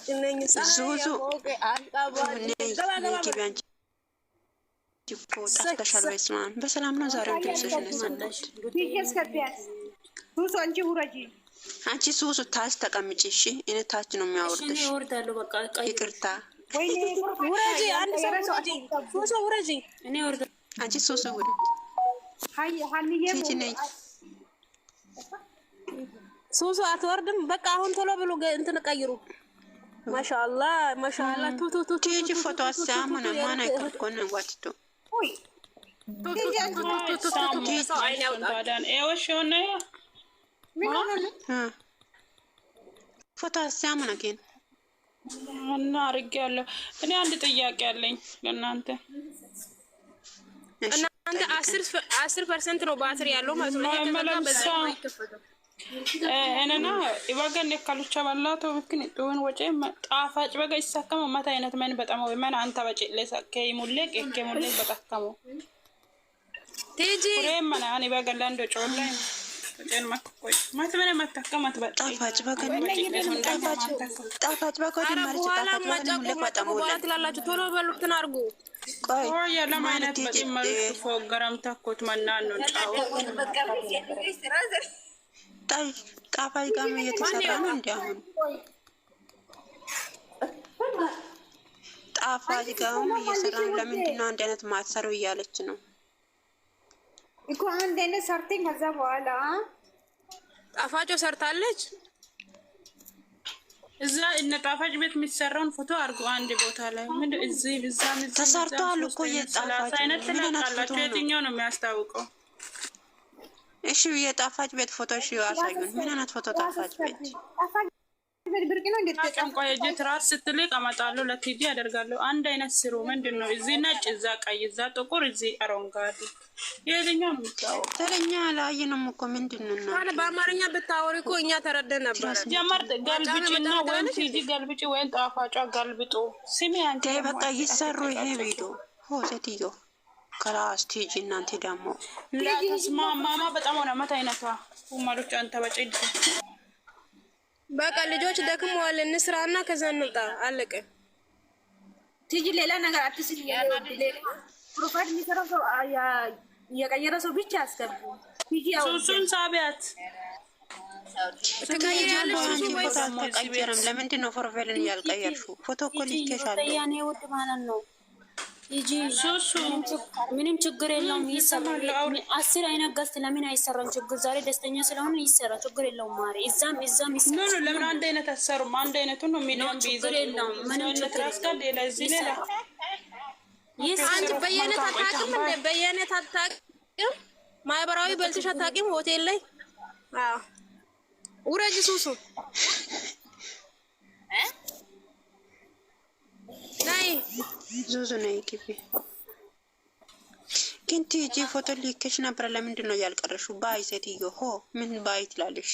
በታችን ነኝ። በሰላም ነው ዛሬ አንቺ ሱሱ ታች ተቀምጪ። እሺ፣ እኔ ታች ነው የሚያወርድሽ። ይቅርታ አንቺ ሱሱ ውረጅ። ሱሱ አትወርድም። በቃ አሁን ቶሎ ብሎ እንትን ቀይሩ። Mashallah, mashallah. Tu tu tu tu. Ci foto a Sam, una mano e con un guatto. Poi. Tu tu tu tu tu tu tu. Ci sono. E o shone. ምን ፎቶ አሳምን አገኝ እና አድርጌያለሁ። እኔ አንድ ጥያቄ አለኝ ለእናንተ። እናንተ አስር ፐርሰንት ነው ባትሪ ያለው ማለት ነው። ಏನನ እንደ ಲೆಕ್ಕಲುಚ್ಚ ባላቶ ಮಿಕ್ಕಿನ ತೂನ್ ವಚೆ ጣፋጭ በጋ ይሳከመ ማታ አይነት መን በጣም ወይ መን አንተ በጭ ለሳከ ይሙለ ከከ ሙለ በጣከሙ ቴጂ ኩሬ ማን አኒ በጋ ላንዶ ጮላ ጨን ማኮይ ማት መን ማታከ ማት በጣ ጣፋጭ በጋ ጣፋጭ ጣፋጭ በጋ ዲማርጭ ጣፋጭ ማጫ ሙለ በጣም ወላ ትላላችሁ ቶሎ በሉ ትናርጉ ቆይ የለም አይነት በጭ መልኩ ፎገራም ታኮት ማናን ነው ጫው ጣፋጭ ቃም እየተሰራ ነው። እንዲ አሁን ጣፋጭ ቃም እየሰራ ነው። ለምንድን ነው አንድ አይነት ማትሰረው እያለች ነው እኮ አንድ አይነት ሰርተኝ ከዛ በኋላ ጣፋጮ ሰርታለች። እዛ እነ ጣፋጭ ቤት የሚሰራውን ፎቶ አድርጎ አንድ ቦታ ላይ ምን እዚህ ብዛ ተሰርቷል እኮ የጣፋጭ አይነት ትላላችሁ። የትኛው ነው የሚያስታውቀው? እሺ የጣፋጭ ቤት ፎቶ እሺ፣ አሳዩን። ምን አይነት ፎቶ ጣፋጭ ቤት ጭንቆ የእጅ ትራስ ስትል አመጣለሁ። ለቲጂ ያደርጋለሁ። አንድ አይነት ስሩ። ምንድን ነው እዚህ ነጭ፣ እዛ ቀይ፣ እዛ ጥቁር፣ እዚህ አረንጓዴ። የትኛው የሚታወቅ ተለኛ ላይንም እኮ ምንድን ነው በአማርኛ ብታወሪ እኮ እኛ ተረደን ነበር። ጀመር ገልብጭና ወይም ቲጂ ገልብጭ ወይም ጣፋጫ ገልብጡ። ስሚ አንተ በቃ ይሰሩ ይሄ ቪዲዮ ሆ ሴትዮ ሙከራ እስቲ ሂጂ። እናንተ ደግሞ ማማማ በጣም ሆነ መት አይነቷ ሁማዶች አንተ በጭ በቃ ልጆች ደክመዋል፣ እንስራና ከዛ እንውጣ። አለቀ። ትጂ ሌላ ነገር አትስል። ፕሮፋይል የሚሰራው ሰው የቀየረ ሰው ብቻ አስገቡ። ሱሱን ሳቢያት ቀይርም። ለምንድን ነው ፕሮፋይልን ያልቀየርሹ? ፎቶ እኮ ልኬሻለሁ። ያኔ ውድ ማለት ነው ሂጂ ሾሾ ምንም ችግር የለውም። ይሰራል። አስር አይነት ገዝት ለምን አይሰራም? ችግር ዛሬ ደስተኛ ስለሆነ ይሰራ፣ ችግር የለውም። ማሪ እዛም እዛም ይሰራ። ለምን አንድ አይነት አሰሩም? አንድ አይነቱ ነው ሚሊዮን ችግር የለውም። ምንም ችግር ሌላ አንድ በየአይነት አታውቅም፣ በየአይነት አታውቅም። ማህበራዊ በልተሽ አታውቂም ሆቴል ላይ ውረጅ ሱሱ ናይ ዙዙ ነይ ግቢ። ግን ቲጂ ፎቶ ልኬሽ ነበረ። ለምንድን ነው ያልቀረሽው? ባይ ሴትዮ ሆ ምን ባይ ትላለሽ?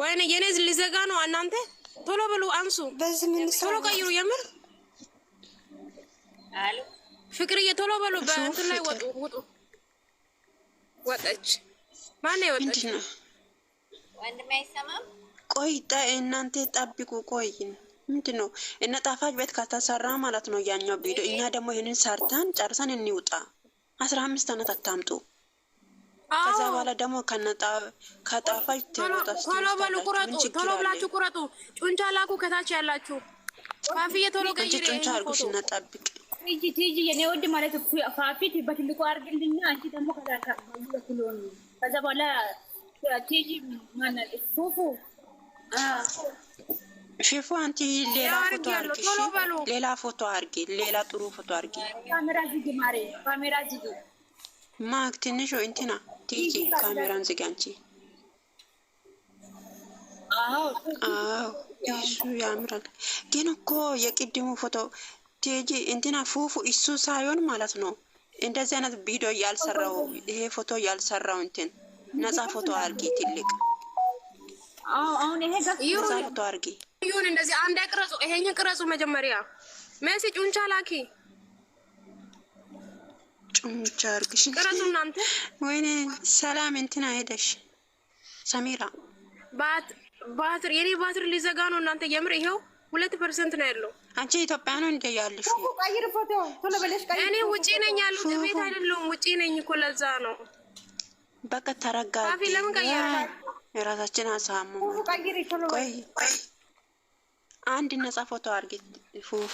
ወይኔ የኔ ሊዘጋ ነው። እናንተ ቶሎ ብሉ አንሱ፣ ቶሎ ቀይሩ። የምር ፍቅርዬ ቶሎ በሉ። በእንትን ላይ ወጡ ውጡ። ወጠች ማን ወጠች? ቆይ እናንተ ጠብቁ፣ ቆይ ምንድን ነው እነ ጣፋጭ ቤት ካታሰራ ማለት ነው ያኛው ቪዲዮ። እኛ ደግሞ ይህንን ሰርተን ጨርሰን እንውጣ። አስራ አምስት አመት አታምጡ። ከዛ በኋላ ደግሞ ከጣፋጭ ቶሎ በሉ ቁረጡ፣ ቶሎ ብላችሁ ቁረጡ። ጩንቻ ላኩ ከታች ያላችሁ ቶሎ ቀይሬ ጩንቻ አርጉሽ እና ጠብቅ የኔ ወድ ማለት ፋፊት በትልቁ አርግልኝ። አንቺ ደግሞ ከዛ በኋላ ፉፉ ሽፉ አንቺ ሌላ ፎቶ አርጊ፣ ሌላ ፎቶ አርጊ፣ ሌላ ጥሩ ፎቶ አርጊ። ማክ ትንሽ እንትና ቲጂ ካሜራን ዝጊ አንቺ። አዎ እሱ ያምራል፣ ግን እኮ የቅድሙ ፎቶ ቲጂ እንትና ፉፉ እሱ ሳይሆን ማለት ነው። እንደዚህ አይነት ቪዲዮ ያልሰራው ይሄ ፎቶ ያልሰራው እንትን ነጻ ፎቶ አርጊ፣ ትልቅ ነጻ ፎቶ አርጊ። ይሁን እንደዚህ አንድ ቅረጹ። ይሄንን ቅረጹ መጀመሪያ መሲ ጩንቻ ላኪ። ጩንቻ አርግሽ ቅረጹ እናንተ። ወይኔ ሰላም እንትና ሄደሽ ሰሚራ ባት ባትሪ የኔ ባትሪ ሊዘጋ ነው እናንተ። የምር ይሄው ሁለት ፐርሰንት ነው ያለው። አንቺ ኢትዮጵያ ነው እንደ ያለሽ። እኔ ውጪ ነኝ ያሉት ቤት አይደለሁም፣ ውጪ ነኝ እኮ ለዛ ነው። በቃ ተረጋ። ለምን ቀየራ? የራሳችን አሳሙ ቆይ አንድ ነጻ ፎቶ አድርጊ ፉፉ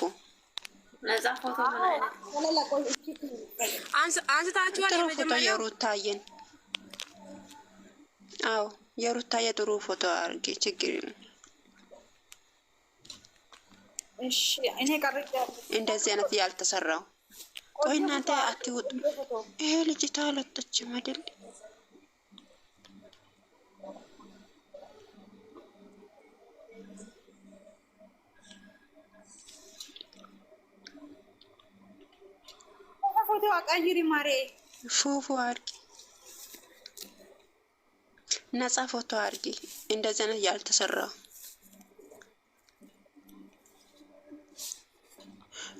ነጻ ፎቶ አንስታችኋል። ፎቶ የሩታየን አዎ፣ የሩታየ ጥሩ ፎቶ አድርጊ። ችግር እንደዚህ አይነት ያልተሰራው ቆይ እናንተ አትወጡ። ይሄ ልጅ ታለጠች አይደል? አቀይሪ ማሬ ፉፉ አርጊ ነጻ ፎቶ አርጊ። እንደዚህ አይነት ያልተሰራ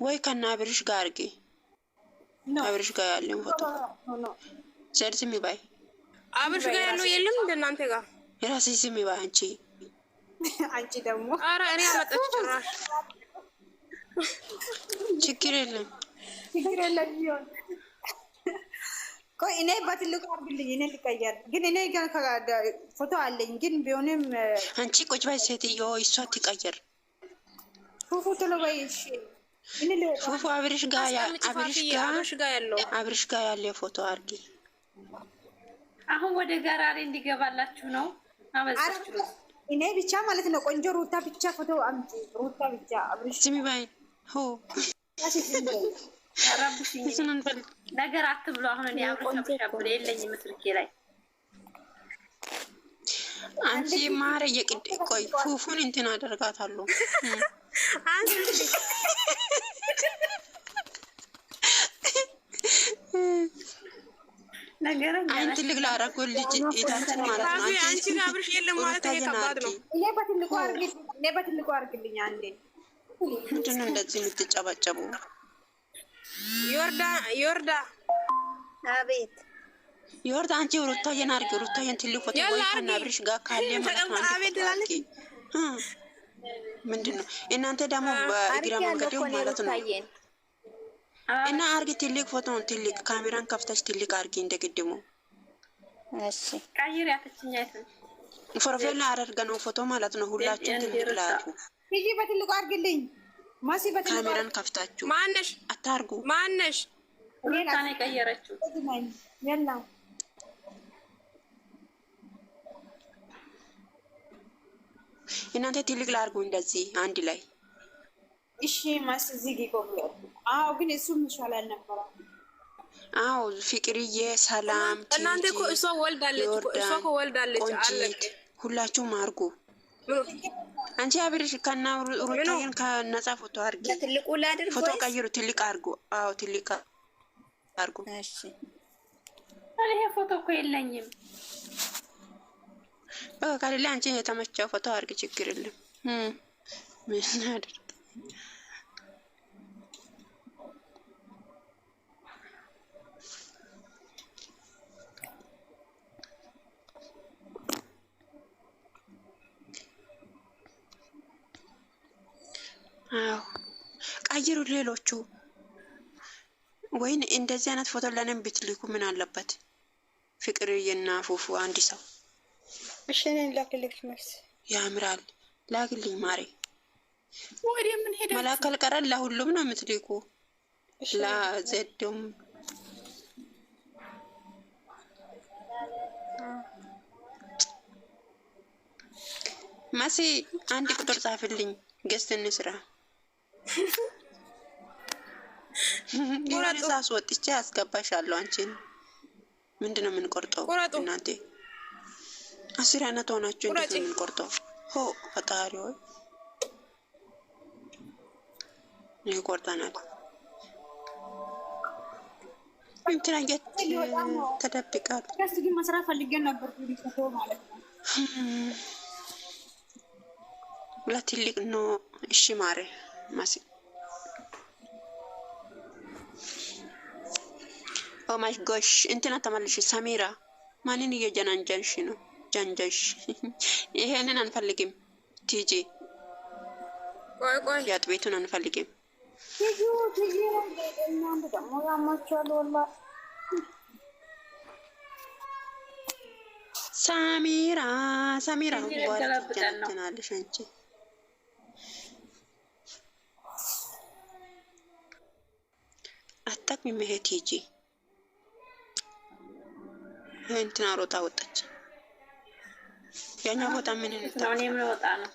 ወይ ከና አብርሽ ጋር አርጊ። አብርሽ ጋር ያለን ፎቶ ዘድ ዝም ይባይ። አብርሽ ጋር ያለው የለም እንደናንተ ጋር የራስሽ ዝም ይባይ። አንቺ አንቺ ደግሞ ኧረ እኔ አመጣች ጭራሽ ችግር የለም ችግር የለም ይሆን ቆይ እኔ በትልቁ አድርግልኝ። እኔ ልቀየር ግን እኔ ግን ፎቶ አለኝ ግን ቢሆንም አንቺ ቁጭ በይ ሴትዮ፣ እሷ ትቀየር። ፉፉ ቶሎ በይ ፉፉ አብርሽ ጋ አብርሽ ጋ ያለ ፎቶ አርጊ። አሁን ወደ ገራሬ እንዲገባላችሁ ነው። እኔ ብቻ ማለት ነው። ቆንጆ ሩታ ብቻ ፎቶ አምጪ። ሩታ ብቻ አብርሽ ስሚ በይ ነገር አትብሎ አሁን እኔ አብሮ ተብሎ የለኝም ስልኬ ላይ አንቺ ማረ የቅድ ቆይ ፉፉን እንትን አደርጋታሉ አይ ትልቅ ላረጎል ልጅ እታችን ማለት ነው። አንቺ ጋር አብርሽ የለም ማለት ይሄ ከባድ ነው። በትልቁ አርግልኝ አንዴ። ምንድን ነው እንደዚህ የምትጨባጨቡ? ዮርዳ ዮርዳ አቤት ዮርዳ አንቺ ሩታዬን አድርጊ ሩታዬን ትልቅ ፎቶ ወይና ብርሽ ጋር ካለ ማለት ነው። ምንድን ነው እናንተ ደግሞ በእግረ መንገዴው ማለት ነው እና አርጊ ትልቅ ፎቶን ትልቅ ካሜራን ከፍተሽ ትልቅ አርጊ እንደ ግድሙ እሺ። ፎርፌላ አደርገ ነው ፎቶ ማለት ነው። ሁላችሁም ትልቅ ላቱ ይህ በትልቁ አርግልኝ ካሜራን ከፍታችሁ ማነሽ አታርጉ። ማነሽ ሁኔታን የቀየረችው እናንተ ትልቅ ላርጉ እንደዚህ አንድ ላይ እሺ። ማስ እዚህ አዎ፣ ግን እሱም ይሻላል ነበረ። አዎ ፍቅርዬ፣ ሰላም እናንተ እኮ እሷ ወልዳለች፣ እሷ ወልዳለች። ሁላችሁም አርጉ አንቺ አብርሽ ከና ሩታዬን ከነጻ ፎቶ አርጊ። ትልቁ ላድርግ ፎቶ ቀይሩ። ትልቅ አርጉ። አዎ ትልቅ አርጉ። እሺ ይሄ ፎቶ እኮ የለኝም። በቃ ከሌላ አንቺ የተመቸው ፎቶ አርጊ። ችግር የለም። ምን አድርግ አዎ ቀይሩ። ሌሎቹ ወይን እንደዚህ አይነት ፎቶ ለእኔም ብትልኩ ምን አለበት? ፍቅር ፍቅርዬና ፉፉ አንድ ሰው እሺ፣ እኔን ላክልሽ። መልስ ያምራል። ላክልኝ ማሬ። ወደ ምን ሄደ መላከል ቀረን። ለሁሉም ነው የምትልኩ ለዘዶም መሲ አንድ ቁጥር ጻፍልኝ። ገስትን ስራ ቆረጡ አስወጥቼ አስገባሻለሁ። አንቺን ምንድን ነው የምንቆርጠው? እናቴ አስር አይነት ሆናችሁ እንዴት ነው የምንቆርጠው? ሆ ፈጣሪ ሆይ ይህ ቆርጠናል። እንትን አየት ግን መስራት ፈልጌ ነበር ማለት ነው ለትልቅ ነው። እሺ ማሬ Masih. ኦ ማይ ጎሽ እንትና ተመልሽ። ሰሚራ ማንን እየጀናንጀንሽ ነው? ጀንጀሽ ይሄንን አንፈልግም። ቲጂ ቆይ ቆይ፣ ያጥ ቤቱን አንፈልግም። ሰሚራ ሰሚራ ወላ አንቺ መሄድ ሂጂ እንትና ሮጣ ወጣች። ያኛው ቦታ ምን ነው? እኔም ልወጣ ነው።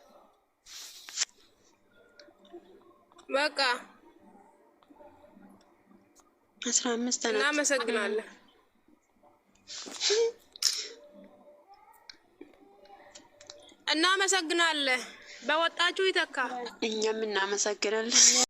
በቃ አስራ አምስት እና አመሰግናለሁ። እናመሰግናለን። በወጣችሁ ይተካ። እኛም እናመሰግናለን።